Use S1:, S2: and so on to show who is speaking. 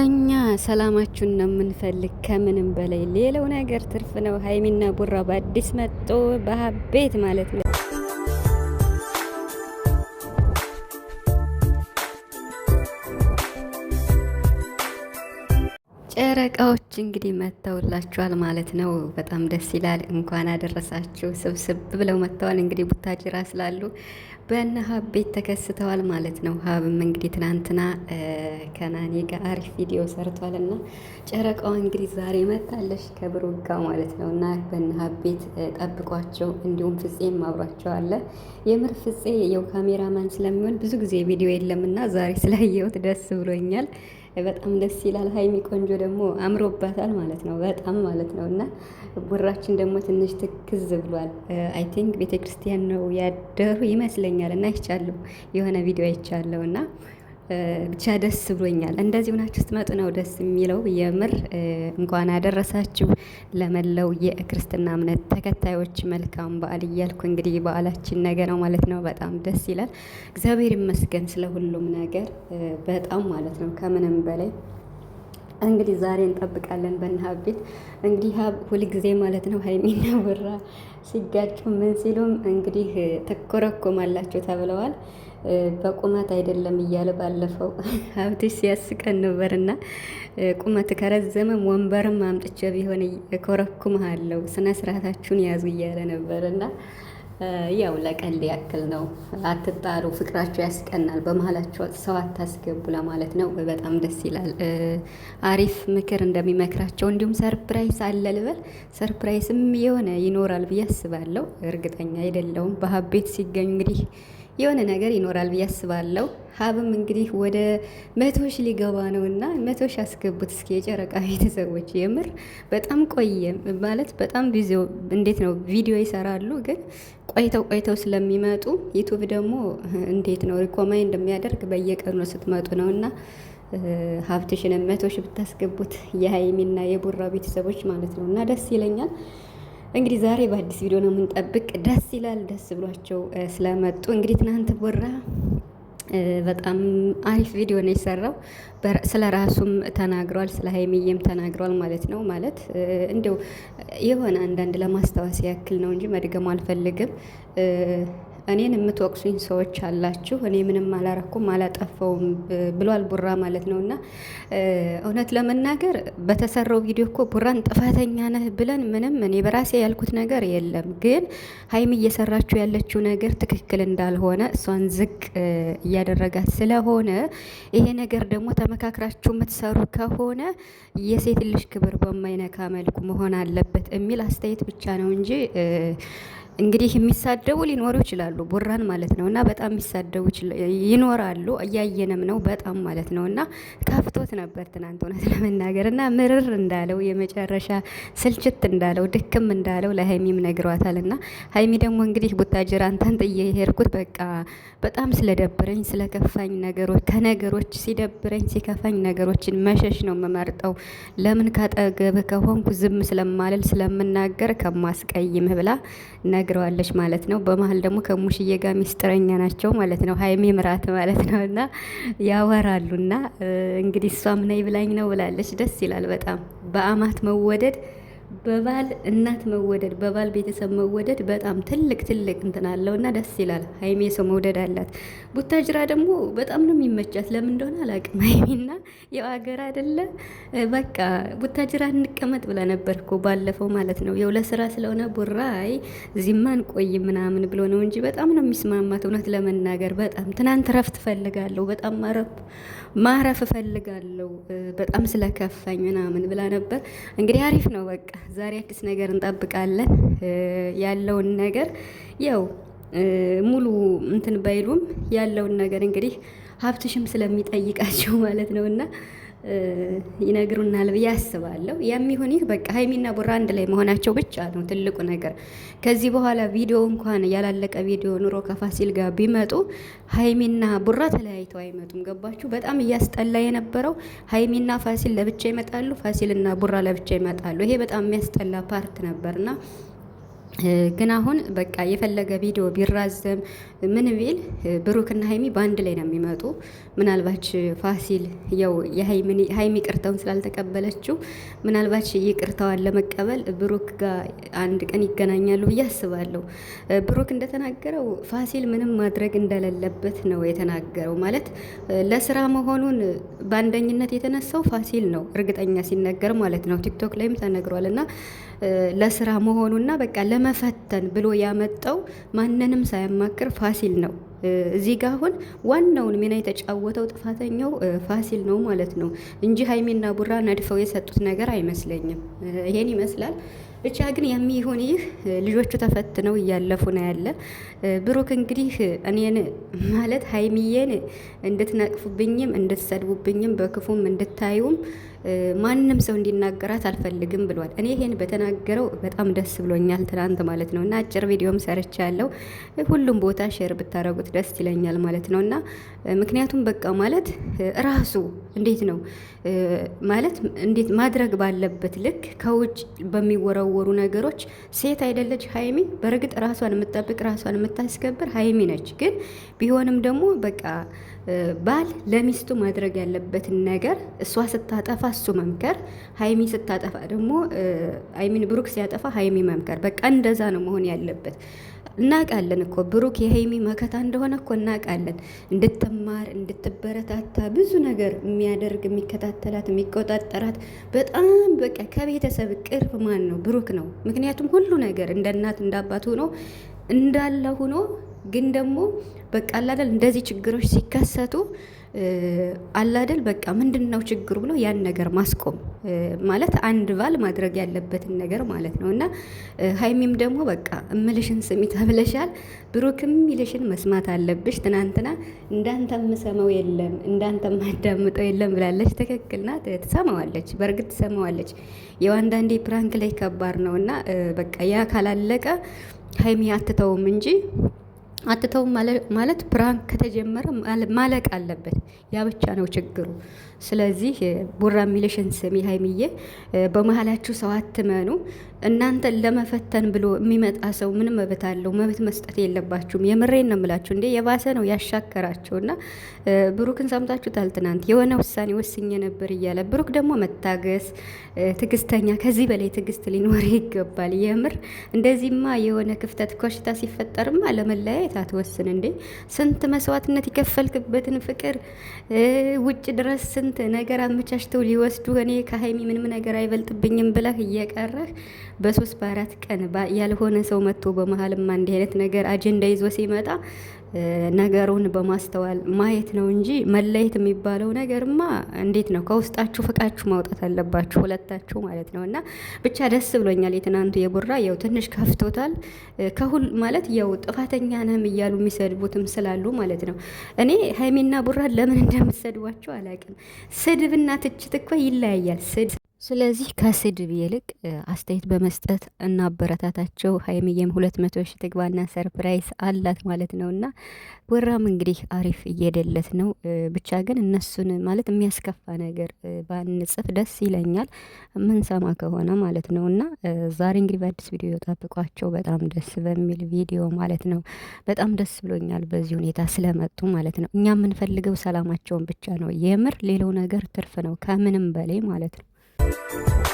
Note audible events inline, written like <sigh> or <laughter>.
S1: እኛ ሰላማችሁን ነው የምንፈልግ ከምንም በላይ ሌላው ነገር ትርፍ ነው። ሀይሚና ቡራ በአዲስ መጦ በሀቤት ማለት ነው። ጨረቃዎች እንግዲህ መጥተውላችኋል ማለት ነው። በጣም ደስ ይላል። እንኳን አደረሳችሁ። ስብስብ ብለው መጥተዋል። እንግዲህ ቡታጅራ ስላሉ በእነ ሀብ ቤት ተከስተዋል ማለት ነው። ሀብም እንግዲህ ትናንትና ከናኒ ጋር አሪፍ ቪዲዮ ሰርቷል እና ጨረቃዋ እንግዲህ ዛሬ መታለች ከብሩክ ጋር ማለት ነው እና በእነ ሀብ ቤት ጠብቋቸው። እንዲሁም ፍፄም አብሯቸው አለ። የምር ፍጼ የው ካሜራማን ስለሚሆን ብዙ ጊዜ ቪዲዮ የለምና ዛሬ ስላየሁት ደስ ብሎኛል። በጣም ደስ ይላል። ሀይሚ ቆንጆ ደግሞ አምሮባታል ማለት ነው፣ በጣም ማለት ነው። እና ቡራችን ደግሞ ትንሽ ትክዝ ብሏል። አይ ቲንክ ቤተክርስቲያን ነው ያደሩ ይመስለኛል። እና አይቻለሁ የሆነ ቪዲዮ አይቻለሁ እና ብቻ ደስ ብሎኛል። እንደዚህ ሆናችሁ ስትመጡ ነው ደስ የሚለው። የምር እንኳን አደረሳችሁ ለመላው የክርስትና እምነት ተከታዮች መልካም በዓል እያልኩ እንግዲህ በዓላችን ነገ ነው ማለት ነው። በጣም ደስ ይላል። እግዚአብሔር ይመስገን ስለ ሁሉም ነገር በጣም ማለት ነው ከምንም በላይ እንግዲህ ዛሬ እንጠብቃለን በእነ ቤት እንግዲህ ሀብ ሁልጊዜ ማለት ነው ሀይሚና ብራ ሲጋጩ ምን ሲሉም እንግዲህ ትኮረኮማላችሁ ተብለዋል። በቁመት አይደለም እያለ ባለፈው ሀብትሽ ሲያስቀን ነበርና ቁመት ከረዘመም ወንበርም አምጥቼ ቢሆን ኮረኩምሃለሁ፣ ስነ ስርዓታችሁን ያዙ እያለ ነበርና ያው ለቀልድ ያክል ነው። አትጣሩ፣ ፍቅራችሁ ያስቀናል። በመሀላችሁ ሰው አታስገቡ ለማለት ነው። በጣም ደስ ይላል። አሪፍ ምክር እንደሚመክራቸው እንዲሁም ሰርፕራይዝ አለ ልበል። ሰርፕራይዝም የሆነ ይኖራል ብዬ አስባለሁ። እርግጠኛ አይደለውም። በሀብ ቤት ሲገኙ እንግዲህ የሆነ ነገር ይኖራል ብዬ አስባለሁ። ሀብም እንግዲህ ወደ መቶ ሺ ሊገባ ነው እና መቶ ሺ አስገቡት እስኪ የጨረቃ <laughs> ቤተሰቦች። የምር በጣም ቆየ ማለት በጣም ቢዚ እንዴት ነው ቪዲዮ ይሰራሉ፣ ግን ቆይተው ቆይተው ስለሚመጡ ዩቱብ ደግሞ እንዴት ነው ሪኮማይ እንደሚያደርግ በየቀኑ ስትመጡ ነው እና ሀብትሽንም መቶ ሺ ብታስገቡት የሀይሚና የቡራ ቤተሰቦች ማለት ነው እና ደስ ይለኛል። እንግዲህ ዛሬ በአዲስ ቪዲዮ ነው የምንጠብቅ። ደስ ይላል። ደስ ብሏቸው ስለመጡ እንግዲህ ትናንት ቦራ በጣም አሪፍ ቪዲዮ ነው የሰራው። ስለ ራሱም ተናግሯል፣ ስለ ሀይሚዬም ተናግሯል ማለት ነው። ማለት እንዲያው የሆነ አንዳንድ ለማስታወስ ያክል ነው እንጂ መድገም አልፈልግም። እኔን የምትወቅሱኝ ሰዎች አላችሁ፣ እኔ ምንም አላረኩም አላጠፈውም ብሏል ቡራ ማለት ነው። እና እውነት ለመናገር በተሰራው ቪዲዮ እኮ ቡራን ጥፋተኛ ነህ ብለን ምንም እኔ በራሴ ያልኩት ነገር የለም። ግን ሀይሚ እየሰራችሁ ያለችው ነገር ትክክል እንዳልሆነ እሷን ዝቅ እያደረጋት ስለሆነ ይሄ ነገር ደግሞ ተመካክራችሁ የምትሰሩ ከሆነ የሴት ልጅ ክብር በማይነካ መልኩ መሆን አለበት የሚል አስተያየት ብቻ ነው እንጂ እንግዲህ የሚሳደቡ ሊኖሩ ይችላሉ፣ ቡራን ማለት ነው እና በጣም የሚሳደቡ ይኖራሉ። እያየንም ነው በጣም ማለት ነው እና ከፍቶት ነበር ትናንት እውነት ለመናገር እና ምርር እንዳለው የመጨረሻ ስልችት እንዳለው ድክም እንዳለው ለሀይሚም ነግሯታል። እና ሀይሚ ደግሞ እንግዲህ ቡታጅራ አንተን ጥዬ የሄድኩት በቃ በጣም ስለደብረኝ ስለከፋኝ ነገሮች ከነገሮች ሲደብረኝ ሲከፋኝ ነገሮችን መሸሽ ነው የምመርጠው። ለምን ካጠገብህ ከሆንኩ ዝም ስለማለል ስለምናገር ከማስቀይምህ ብላ ትነግረዋለች ማለት ነው። በመሀል ደግሞ ከሙሽዬ ጋር ሚስጥረኛ ናቸው ማለት ነው። ሀይሜ ምራት ማለት ነው እና እና እንግዲህ እሷም ነይ ብላኝ ነው ብላለች። ደስ ይላል በጣም በአማት መወደድ በባል እናት መወደድ በባል ቤተሰብ መወደድ በጣም ትልቅ ትልቅ እንትን አለው እና ደስ ይላል። ሀይሜ ሰው መውደድ አላት። ቡታጅራ ደግሞ በጣም ነው የሚመቻት። ለምን እንደሆነ አላውቅም። <laughs> ሀይሜና ያው ሀገር አይደለ በቃ ቡታጅራ እንቀመጥ ብላ ነበር እኮ ባለፈው ማለት ነው። ያው ለስራ ስለሆነ ቡራይ ዚማን ቆይ ምናምን ብሎ ነው እንጂ በጣም ነው የሚስማማት። እውነት ለመናገር በጣም ትናንት ረፍት እፈልጋለሁ፣ በጣም ማረፍ እፈልጋለሁ፣ በጣም ስለከፋኝ ምናምን ብላ ነበር። እንግዲህ አሪፍ ነው በቃ ዛሬ አዲስ ነገር እንጠብቃለን። ያለውን ነገር ያው ሙሉ እንትን ባይሉም ያለውን ነገር እንግዲህ ሀብትሽም ስለሚጠይቃቸው <laughs> ማለት ነው እና ይነግሩናል ብዬ አስባለሁ። የሚሆን ይህ በቃ ሀይሚና ቡራ አንድ ላይ መሆናቸው ብቻ ነው ትልቁ ነገር። ከዚህ በኋላ ቪዲዮ እንኳን ያላለቀ ቪዲዮ ኑሮ ከፋሲል ጋር ቢመጡ ሀይሚና ቡራ ተለያይተው አይመጡም። ገባችሁ? በጣም እያስጠላ የነበረው ሀይሚና ፋሲል ለብቻ ይመጣሉ፣ ፋሲልና ቡራ ለብቻ ይመጣሉ። ይሄ በጣም የሚያስጠላ ፓርት ነበርና ግን አሁን በቃ የፈለገ ቪዲዮ ቢራዘም ምን ቢል ብሩክና ሀይሚ በአንድ ላይ ነው የሚመጡ። ምናልባች ፋሲል ያው ሀይሚ ቅርታውን ስላልተቀበለችው ምናልባች ይቅርታዋን ለመቀበል ብሩክ ጋር አንድ ቀን ይገናኛሉ ብዬ አስባለሁ። ብሩክ እንደተናገረው ፋሲል ምንም ማድረግ እንደሌለበት ነው የተናገረው። ማለት ለስራ መሆኑን በአንደኝነት የተነሳው ፋሲል ነው እርግጠኛ ሲነገር ማለት ነው። ቲክቶክ ላይም ተነግሯል እና ለስራ መሆኑና በቃ ለመፈተን ብሎ ያመጣው ማንንም ሳያማክር ፋሲል ነው። እዚህ ጋር አሁን ዋናውን ሚና የተጫወተው ጥፋተኛው ፋሲል ነው ማለት ነው እንጂ ሀይሚና ቡራ ነድፈው የሰጡት ነገር አይመስለኝም። ይሄን ይመስላል። ብቻ ግን የሚሆን ይህ ልጆቹ ተፈትነው እያለፉ ነው ያለ። ብሩክ እንግዲህ እኔን ማለት ሀይሚዬን እንድትነቅፉብኝም እንድትሰድቡብኝም በክፉም እንድታዩም ማንም ሰው እንዲናገራት አልፈልግም ብሏል። እኔ ይሄን በተናገረው በጣም ደስ ብሎኛል፣ ትናንት ማለት ነው እና አጭር ቪዲዮም ሰርቻ ያለው ሁሉም ቦታ ሼር ብታረጉት ደስ ይለኛል ማለት ነው እና ምክንያቱም በቃ ማለት ራሱ እንዴት ነው ማለት እንዴት ማድረግ ባለበት ልክ ከውጭ በሚወረወሩ ነገሮች ሴት አይደለች ሀይሚ። በእርግጥ ራሷን የምትጠብቅ ራሷን የምታስከብር ሀይሚ ነች። ግን ቢሆንም ደግሞ በቃ ባል ለሚስቱ ማድረግ ያለበትን ነገር እሷ ስታጠፋ እሱ መምከር፣ ሀይሚ ስታጠፋ ደግሞ አይሚን ብሩክ ሲያጠፋ ሀይሚ መምከር። በቃ እንደዛ ነው መሆን ያለበት። እናውቃለን እኮ ብሩክ የሀይሚ መከታ እንደሆነ እኮ እናውቃለን። እንድትማር እንድትበረታታ ብዙ ነገር የሚያደርግ የሚከታተላት፣ የሚቆጣጠራት በጣም በቃ ከቤተሰብ ቅርብ ማን ነው? ብሩክ ነው። ምክንያቱም ሁሉ ነገር እንደ እናት እንደ አባት ሆኖ እንዳለ ሆኖ ግን ደግሞ በቃ አላደል እንደዚህ ችግሮች ሲከሰቱ አላደል በቃ ምንድን ነው ችግሩ ብሎ ያን ነገር ማስቆም ማለት አንድ ባል ማድረግ ያለበትን ነገር ማለት ነው። እና ሀይሚም ደግሞ በቃ እምልሽን ስሚ ተብለሻል፣ ብሩክም ይልሽን መስማት አለብሽ። ትናንትና እንዳንተ የምሰማው የለም እንዳንተ ማዳምጠው የለም ብላለች። ትክክልና ትሰማዋለች፣ በእርግጥ ትሰማዋለች። ያው አንዳንዴ ፕራንክ ላይ ከባድ ነው እና በቃ ያ ካላለቀ ሀይሚ አትተውም እንጂ አትተው ማለት ፕራንክ ከተጀመረ ማለቅ አለበት። ያ ብቻ ነው ችግሩ። ስለዚህ ቡራ የሚልሽን ስሚ ሀይሚዬ፣ በመሀላችሁ ሰው አትመኑ። እናንተን ለመፈተን ብሎ የሚመጣ ሰው ምንም መብት አለው? መብት መስጠት የለባችሁም። የምሬን ነው የምላችሁ። እንዴ የባሰ ነው ያሻከራቸው። እና ብሩክን ሰምታችሁታል። ትናንት የሆነ ውሳኔ ወስኜ ነበር እያለ ብሩክ ደግሞ መታገስ፣ ትግስተኛ ከዚህ በላይ ትግስት ሊኖር ይገባል። የምር እንደዚህማ የሆነ ክፍተት ኮሽታ ሲፈጠርማ ለመለያየት አትወስን እንዴ። ስንት መስዋዕትነት የከፈልክበትን ፍቅር ውጭ ድረስ ስንት ስንት ነገር አመቻችተው ሊወስዱ እኔ ከሀይሚ ምንም ነገር አይበልጥብኝም ብለህ እየቀረህ በሶስት በአራት ቀን ያልሆነ ሰው መጥቶ በመሀልማ እንዲህ አይነት ነገር አጀንዳ ይዞ ሲመጣ ነገሩን በማስተዋል ማየት ነው እንጂ መለየት የሚባለው ነገርማ እንዴት ነው? ከውስጣችሁ ፈቃችሁ ማውጣት አለባችሁ ሁለታችሁ ማለት ነው። እና ብቻ ደስ ብሎኛል። የትናንቱ የቡራ ያው ትንሽ ከፍቶታል። ከሁል ማለት ያው ጥፋተኛ ነህም እያሉ የሚሰድቡትም ስላሉ ማለት ነው። እኔ ሀይሜና ቡራን ለምን እንደምትሰድቧቸው አላውቅም። ስድብና ትችት እኮ ይለያያል። ስለዚህ ከስድብ ይልቅ አስተያየት በመስጠት እናበረታታቸው። ሀይሚዬም ሁለት መቶ ሺ ትግባና ሰርፕራይዝ አላት ማለት ነው። እና ወራም እንግዲህ አሪፍ እየደለት ነው። ብቻ ግን እነሱን ማለት የሚያስከፋ ነገር ባንጽፍ ደስ ይለኛል፣ ምንሰማ ከሆነ ማለት ነው። እና ዛሬ እንግዲህ በአዲስ ቪዲዮ ጠብቋቸው፣ በጣም ደስ በሚል ቪዲዮ ማለት ነው። በጣም ደስ ብሎኛል በዚህ ሁኔታ ስለመጡ ማለት ነው። እኛ የምንፈልገው ሰላማቸውን ብቻ ነው። የምር ሌላው ነገር ትርፍ ነው ከምንም በላይ ማለት ነው። thank you